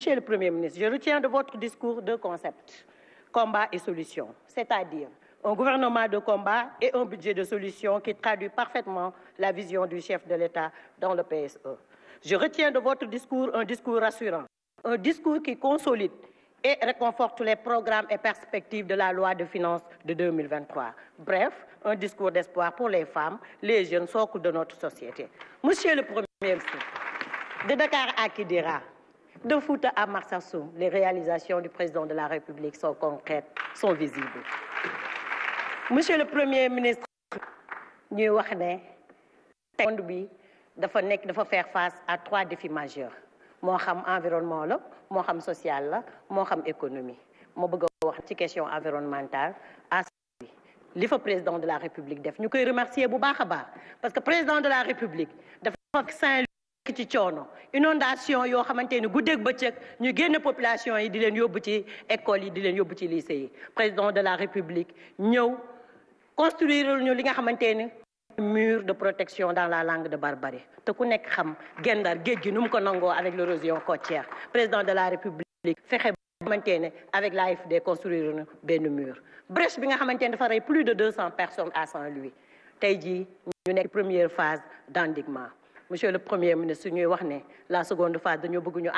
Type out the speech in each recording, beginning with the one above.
Monsieur le Premier ministre, je retiens de votre discours deux concepts, combat et solution, c'est-à-dire un gouvernement de combat et un budget de solution qui traduit parfaitement la vision du chef de l'État dans le PSE. Je retiens de votre discours un discours rassurant, un discours qui consolide et réconforte les programmes et perspectives de la loi de finances de 2023. Bref, un discours d'espoir pour les femmes, les jeunes, socles de notre société. Monsieur le Premier De Fouta à Marsassou, les réalisations du président de la République sont concrètes, sont visibles. Monsieur le Premier ministre ñuy wax ne monde bi dafa nekk dafa faire face à trois défis majeurs moo xam environnement la moo xam sociale la moo xam économie ma bëgg a wax ci question environnementale à bi li fa président de la République def ñu koy remercier bu baax a baax parce que président de la République dafa ci coono inondation yoo xamante ni guddeeg bëccëg ñu génn population yi di leen yóbbu ci école yi di leen yóbbu ci lycée yi président de la république ñëw construire ñu li nga xamante ni mur de protection dans la langue de Barbarie te ku nekk xam gendar géej gi nu mu ko nangoo avec l'érosion côtière président de la république fexe xamante ne avec l'AFD construire ñu benn mur brèche bi nga xamante ne dafa rey plus de deux cents personnes à Saint-Louis tey jii ñu nekk monsieur le premier ministre ñuy wax ne la seconde phase dañoo bëgg ñu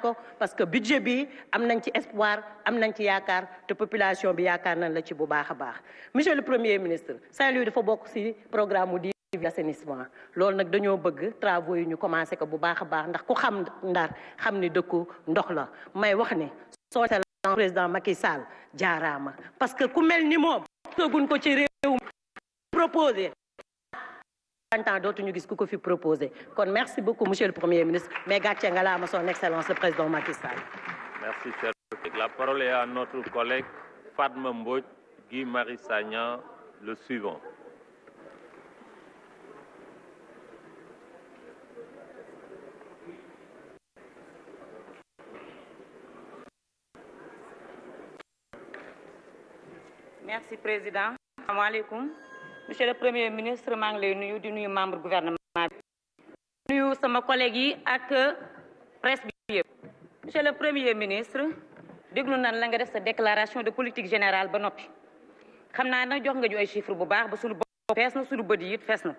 ko parce que budget bi am nañ ci espoir am nañ ci yaakaar te population bi yaakaar nañ la ci bu baax a baax monsieur le premier ministre saint dafa bokk ci programme mu di assainissement loolu nag dañoo bëgg travaux yi ñu commencé ko bu baax a baax ndax ku xam ndar xam ni dëkku ndox la may wax ne son excellence président Macky Sall jaaraama parce que ku mel ni moom sogun ko ci réew mi proposé ans dootuñu gis ku ko fi proposé kon merci beaucoup monsieur le premier ministre mais gàcce nga laa ma son excellence le président Macky Sall. merci cher la parole est à notre collègue Fatma Mbodj Guy Marie Sagna le suivant. merci président. asalaamaaleykum. monsieur le premier ministre maa ngi lay nuyu di nuyu membre gouvernement bi nuyu sama collègue yi ak presse bi yëpp monsieur le premier ministre déglu nan la nga def sa déclaration de politique générale ba noppi xam naa nag jox nga ñu ay chiffres bu baax ba suñu bopp fees na suñu bët yi fees na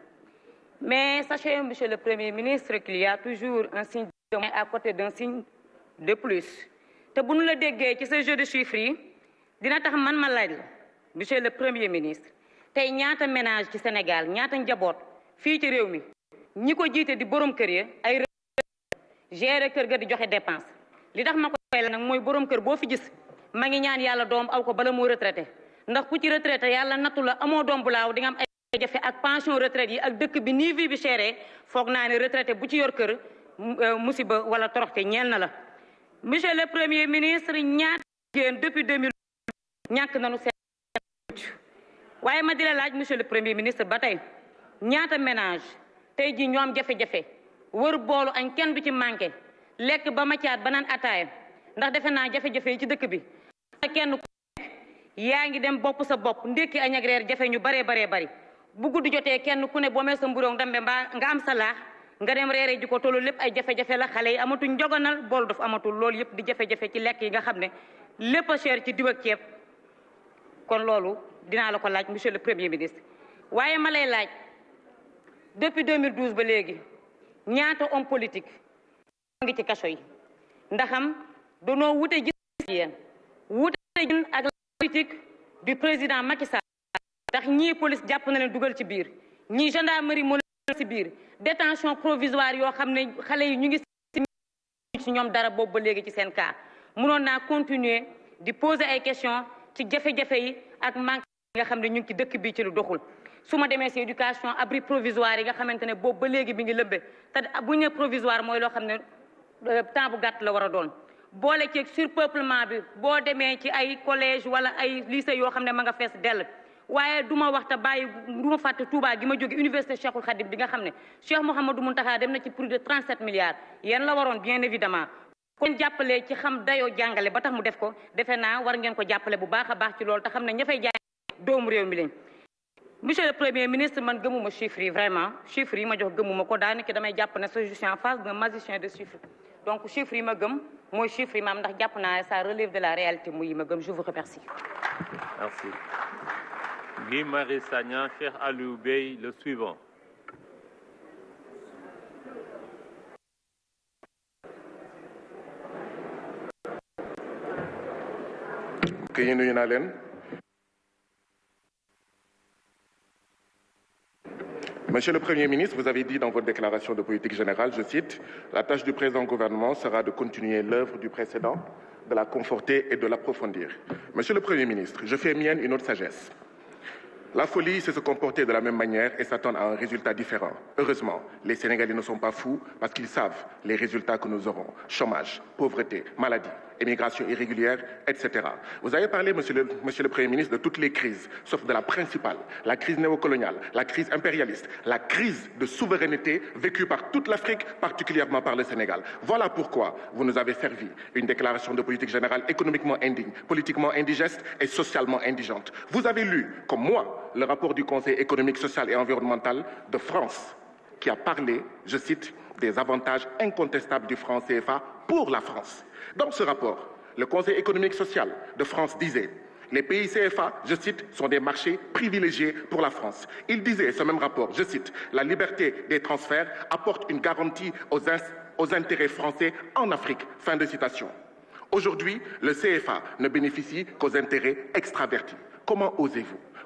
mais sachez monsieur le premier ministre qu'il y a toujours un signe de à côté d'un signe de plus te bu ñu la déggee ci sa jeu de chiffres yi dina tax man ma laaj la monsieur le premier ministre tey ñaata ménage ci Sénégal ñaata njaboot fii ci réew mi ñi ko jiite di borom kër ya ay ger kër ga di joxe dépense li tax ma koy la nag mooy borom kër boo fi gis ma ngi ñaan yàlla doom aw ko bala moo retraité ndax ku ci retraité yàlla nattu la amoo doom bu laaw di nga am ay jafe ak pension retraite yi ak dëkk bi nii vie bi foog naa ne retraité bu ci yor kër euh, musiba wala toroxte ñeel na la monsieur le premier ministre ñaata jigéen depuis 2000 waaye ma di la laaj monsieur le premier ministre ba tey ñaata ménage tey jii ñoom jafe-jafe wër boolu añ kenn du ci manqué lekk ba macaat ba naan ataaya ndax defe naa jafe-jafe yi ci dëkk bi kenn ku yaa ngi dem bopp sa bopp ndékki añ ak reer jafe ñu baree baree bari bu guddi jotee kenn ku ne boo mee sa mburoog ndambe mbaa nga am sa laax nga dem reere ji ko tollu lépp ay jafe-jafe la xale yi amatuñ njogonal bool dafa amatul loolu yëpp di jafe-jafe ci lekk yi nga xam ne lépp a cher ci diw ceeb kon loolu dinaa la ko laaj monsieur le premier ministre waaye ma lay laaj depuis 2012 ba léegi ñaata homme politique ngi ci kaso yi ndaxam danoo wute gis yéen wute gis ak la politique du président Macky Sall ndax ñii police jàpp na leen dugal ci biir ñii gendarmerie moo leen ci biir détention provisoire yoo xam ne xale yi ñu ngi si ñoom dara boobu ba léegi ci seen cas mënoon naa continuer di poser ay questions ci jafe-jafe yi ak manque nga xam ne ñu ci dëkk bi ci lu doxul su ma demee si éducation abri provisoire yi nga xamante ne boobu ba léegi bi ngi lëbbe te bu ñu provisoire mooy loo xam ne euh, temps bu gàtt la war a doon boole ci surpeuplement bi boo demee ci ay collège wala ay lycée yoo xam ne ma nga fees dell waaye du ma wax te bàyyi du ma fàtte Touba gi ma jóge université Cheikhul Khadim bi nga xam ne Cheikh Mouhamadou Mountakha dem na ci xam dayoo jàngale ba tax mu def ko defe naa war a ci loolu te xam ne ña doomu réew mi lañ monsieur le premier ministre man gëmuma chiffres vraiment chiffres yi ma jox gëmuma ko daanaka damay jàpp na je suis en face d'un magicien de chiffres donc chiffres yi ma gëm mooy chiffres yi ndax jàpp naa ça relève de la réalité muy yi ma gëm je vous remercie. merci Guy Marius Sagna Cheikh Bey le suivant. ok ñu nuyu naa leen. Monsieur le Premier ministre, vous avez dit dans votre déclaration de politique générale, je cite, La tâche du présent gouvernement sera de continuer l'œuvre du précédent, de la conforter et de l'approfondir. Monsieur le Premier ministre, je fais mienne une autre sagesse. La folie, c'est se comporter de la même manière et s'attendre à un résultat différent. Heureusement, les Sénégalais ne sont pas fous parce qu'ils savent les résultats que nous aurons. Chômage, immigration irrégulière, etc. Vous avez parlé, monsieur le, monsieur le Premier ministre, de toutes les crises, sauf de la principale, la crise néocoloniale, la crise impérialiste, la crise de souveraineté vécue par toute l'Afrique, particulièrement par le Sénégal. Voilà pourquoi vous nous avez servi une déclaration de politique générale économiquement indigeste et socialement indigente. Vous avez lu, comme moi, le rapport du Conseil économique, social et environnemental a parlé, des avantages incontestables du franc CFA pour la France. Dans ce rapport, le Conseil économique social de France disait les pays CFA, je cite, sont des marchés privilégiés pour la France. Il disait, ce même rapport, je cite, la liberté des transferts apporte une garantie aux, aux intérêts français en Afrique. Fin de citation. Aujourd'hui, le CFA ne bénéficie qu'aux intérêts extravertis. Comment osez-vous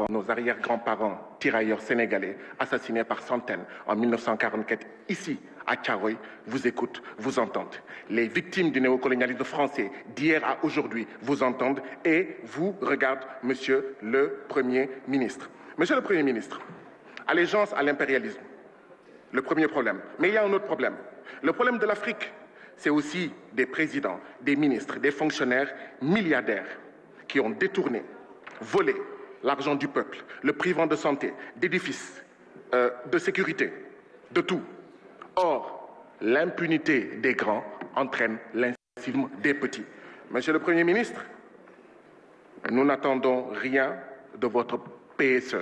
grands-parents, nos arrière-grands-parents, tirailleurs sénégalais, assassinés par centaines en 1944, ici, à Tcharoy, vous écoutent, Les victimes du néocolonialisme français d'hier à aujourd'hui vous entendent et vous regardent, monsieur le Premier ministre. Monsieur le Premier ministre, allégeance à l'impérialisme, le premier problème. problème. Le problème de l'Afrique, c'est aussi des présidents, des ministres, des fonctionnaires milliardaires qui l'argent du peuple, le privant de santé, d'édifices, euh, de sécurité, de tout. Or, l'impunité des des petits. Monsieur le Premier ministre, nous n'attendons de votre PSE,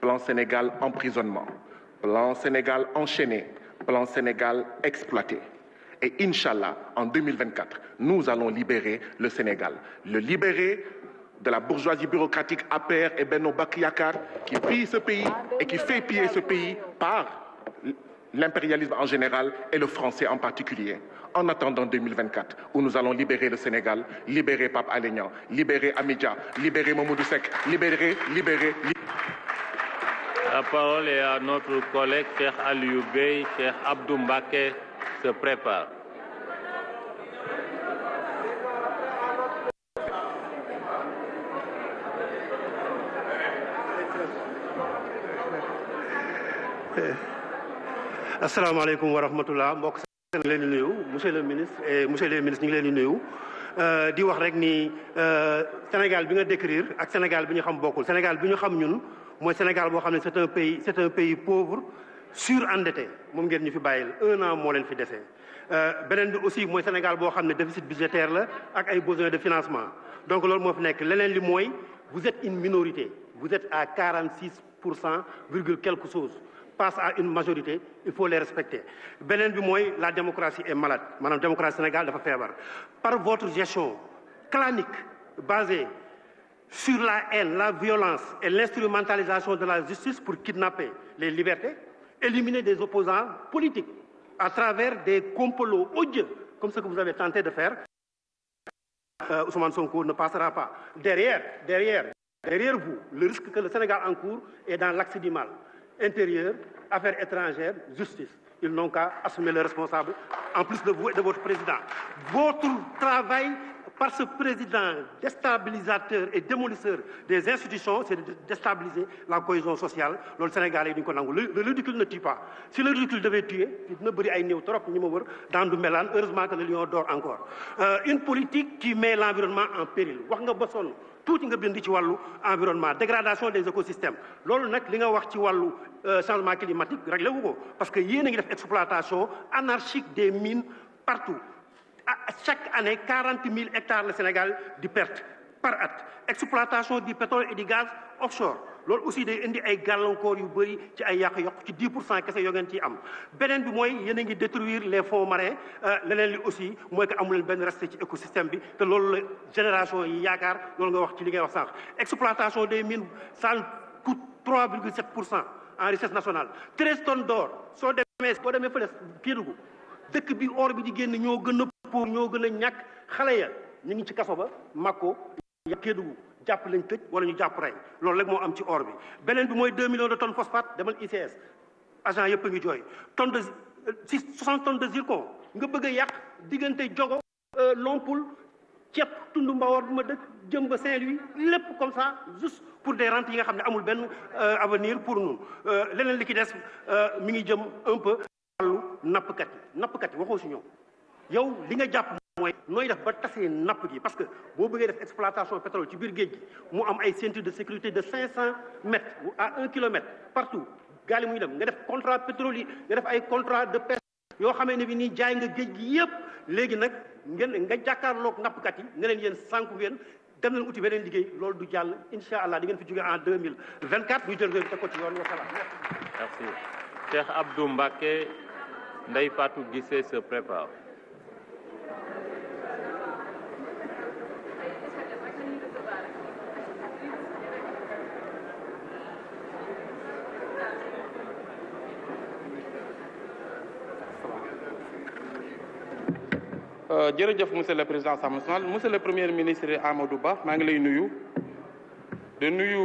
plan Sénégal emprisonnement, plan Sénégal enchaîné, plan Sénégal exploité. Et Inch'Allah, en 2024, nous allons libérer le Sénégal. Le libérer de la bourgeoisie bureaucratique APR et Benno Bakiakar qui pille ce pays en général le français en particulier. En attendant 2024, où nous allons libérer le Sénégal, libérer Pape Alignan, libérer Amidja, libérer Mamoudou Sek, libérer, asalaamaaleykum wa rahmatullah mbokk seen leen di nuyu monsieur le ministre et monsieur les ministres ñu ngi leen di nuyu euh, di wax rek ni euh, Sénégal bi nga décrire ak Sénégal bi ñu xam bokkul Sénégal bi ñu xam ñun mooy Sénégal boo xam ne c'est un pays c'est un pays pauvre surendetté moom ngeen ñu fi bàyyil un an moo leen fi dese euh, beneen bi aussi mooy Sénégal boo xam ne déficit budgétaire la ak ay besoins de financement donc loolu moo fi nekk leneen li mooy vous êtes une minorité vous à quarante six pour cent virgule quelque chose passe à une majorité il faut les respecter beneen bi mooy la démocratie est malade maanaam démocratie Sénégal dafa feebar par votre gestion clanique basée sur la haine la violence et l'instrumentalisation de la justice pour kidnapper les libertés éliminer des opposants politiques à travers des complots odieux comme ce que vous avez tenté de faire euh, Ousmane Sonko ne passera pas derrière derrière derrière vous le risque que le est dans l'axe du intérieur, affaires étrangères, justice. Ils n'ont qu'à assumer les responsables, en plus de vous et de votre président. Votre travail par ce président déstabilisateur et démolisseur des institutions, c'est de déstabiliser la cohésion sociale. loolu Sénégal yi duñ ko le ridicule ne tue pas si le ridicule devait tuer dina bëri ay néew trop ñi ma wër dans du melaan heureusement que le lion dort encore euh, une politique qui met l'environnement en péril wax nga ba sonn tuuti nga bind ci wàllu environnement dégradation des écosystèmes loolu nag li nga wax ci wàllu euh, changement climatique réglé wu ko parce que yéen ngi def exploitation anarchique des mines partout à chaque année quarante mille hectares le Sénégal di perte par at exploitation du pétrole et du gaz offshore loolu aussi day indi ay gàllankoor yu bëri ci ay yàq-yàq ci 10 pour cent kese yoo ngeen ciy am beneen bi mooy yéen ngi détruire les fonds marins euh, leneen li aussi mooy que amuleen benn respect ci écosystème bi te loolu la génération yi yaakaar loolu nga wax ci li ngay wax sànq exploitation des mines ça coûte 3,7 pour cent en richesse nationale 13 tonnes d'or soo demee boo demee fële Kédougou dëkk bi or bi di génn ñoo gën a pour ñoo gën a ñàkk xale ya ñu ngi ci kaso ba Mako ya Kédougou jàpp lañ tëj wala ñu jàpp rey loolu rek moo am ci or bi beneen bi mooy 2 millions de tonnes phosphate demal ICS agent yëpp a ngi jooy tonne de si 60 ton de zircon nga bëgg a yàq diggante jogo euh, Lompoul ceeb tund Mbawar bu ma dëkk jëm ba Saint-Louis lépp comme ça juste pour des rentes yi nga xam ne amul benn euh, avenir pour nous euh, leneen li ki des mi ngi jëm un peu wàllu nappkat yi nappkat yi waxoo si ñoom yow li nga jàpp mooy nooy def ba tasee napp gi parce que boo bëggee def exploitation pétrole ci biir géej gi mu am ay ceinture de sécurité de cinq cent mètres à un kilomètre partout gaal yi muy dem nga def contrat pétrolier nga def ay contrat de pêche yoo xamee ne bi ni jaay nga géej gi yépp léegi nag ngeen nga jàkkaarloog nappkat yi ne leen yéen sànku ngeen dem leen uti beneen liggéey loolu du jàll insha allah di ngeen fi jóge en deux mille vingt quatre ñu jël réew te ko ci yoon wasalaam merci Cheikh Abdou Mbacké Ndeye Fatou Guissé se prépare Euh, jërëjëf monsieur le président assemblée nationale monsieur le premier ministre Amadou Ba maa ngi lay nuyu di nuyu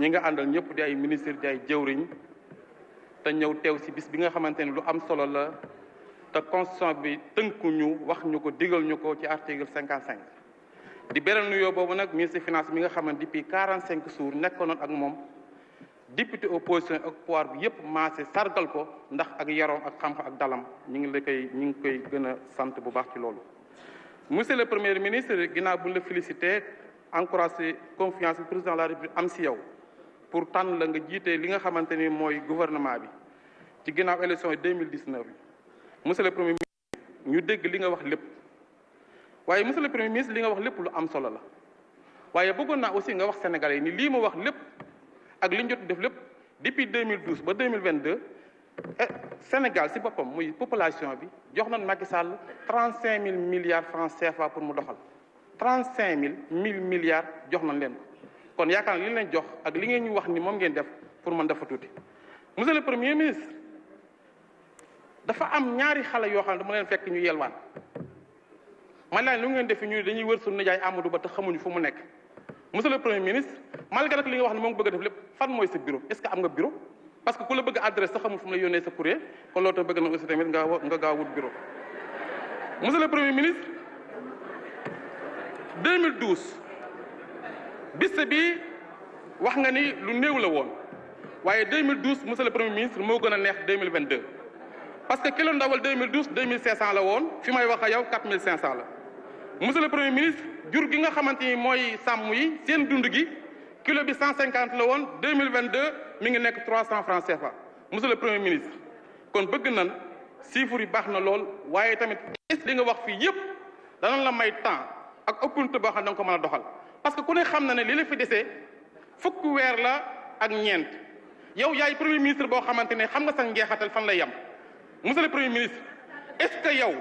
ñi nga àndal ñëpp di ay ministre di ay jëwriñ te ñëw teew ci bis bi nga xamante ne lu am solo la te constant bi ñu wax ñu ko digal ñu ko ci article cinquante cinq di beral nuyoo boobu nag ministre finance bi nga xamante depuis quarante cinq jours nekkoon ak moom député opposition ak poir bi yëpp maase sargal ko ndax ak yaroom ak xam-xam ak dalam ñu ngi la koy ñu ngi koy gën a sant bu baax ci loolu. monsieur le premier ministre ginnaaw bu la félicité encouragé confiance bi président la république am si yow pour tànn la nga jiite li nga xamante ni mooy gouvernement bi ci ginnaaw élection yi 2019 bi monsieur le premier ministre ñu dégg li nga wax lépp waaye monsieur le premier ministre li nga wax lépp lu am solo la waaye bëggoon naa aussi nga wax sénégalais ni lii mu wax lépp. ak li ñu jot def lépp depuis deux mille 2012 ba 2022 eh, Sénégal si boppam muy population bi jox na nañu Macky Sall 35000 milliards francs CFA pour mu doxal trent cinq mille milliards jox nañ leen kon yaakaar naa li leen jox ak li ngeen ñu wax ni moom ngeen def pour mën dafa tuuti monsieur le premier ministre dafa am ñaari xale yoo xam ne dama leen fekk ñu yelwaan man naa lu ngeen def ñuy dañuy wër suñu nijaay Amadou Ba te xamuñu fu mu nekk. monsieur le premier ministre malgré que li nga wax ne moo ngi bëgg a def lépp fan mooy sa bureau est-ce que am nga bureau parce que ku la bëgg adresse sa xamul fu mu nga wax ni lu la woon moo gën a neex 2022 parce que kilo ndawal 2012 2500 la woon fi may wax ak yow la premier ministre jur gi nga xamante ni mooy sàmm yi seen dund gi kilo bi cinquante la woon deux mille vingt deux mi ngi nekk trois cent francs CFA monsieur le premier ministre kon bëgg nan chiffre yi baax na lool waaye tamit li nga wax fii yépp danañ la may temps ak opportunité boo xam ne da nga ko doxal parce que ku ne xam na ne li la fi desee fukk weer la ak ñeent yow yaay premier ministre boo xamante ne xam nga sax njeexatal fan lay yem monsieur le premier ministre est que yow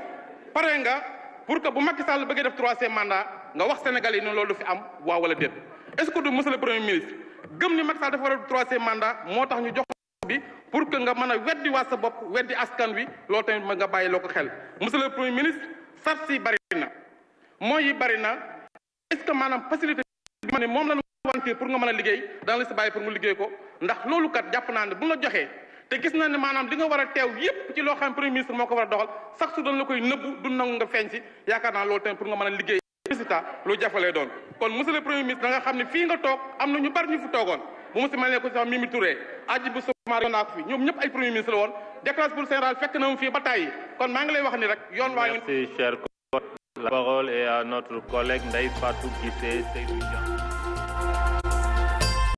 pare nga pour que bu Macky Sall bëggee def troisième mandat nga wax sénégalais yi noonu loolu du fi am waaw wala déet est ce que du monsieur le premier ministre gëm ni Macky Sall dafa war a troisième mandat moo tax ñu jox bi pour que nga mën a weddi waa sa bopp weddi askan wi loolu tamit nga bàyyi loo ko xel monsieur le premier ministre sart si bari na mooy yi bari na est ce que maanaam facilité bi ma ne moom la ñu wanté pour nga mën a liggéey la liggéey ko ndax loolu kat jàpp naa ne bu la joxee te gis na ne maanaam li nga war a teew yépp ci loo xam premier ministre a doxal yaakaar naa loolu tamit pour a liggéey résultat lu jafalee doon kon monsieur le premier ministre da xam ne fii nga toog am na ñu bari ñu fi toogoon bu mu si mel ne ko sax Mimi Touré aji bu sumaar yoon naa ko fi ñoom ñëpp ay premier ministre la woon déclaration pour général fekk na mu fii ba tàyyi kon maa ngi lay wax ni rek yoon waa ngi. Merci cher collègue. La parole est à notre collègue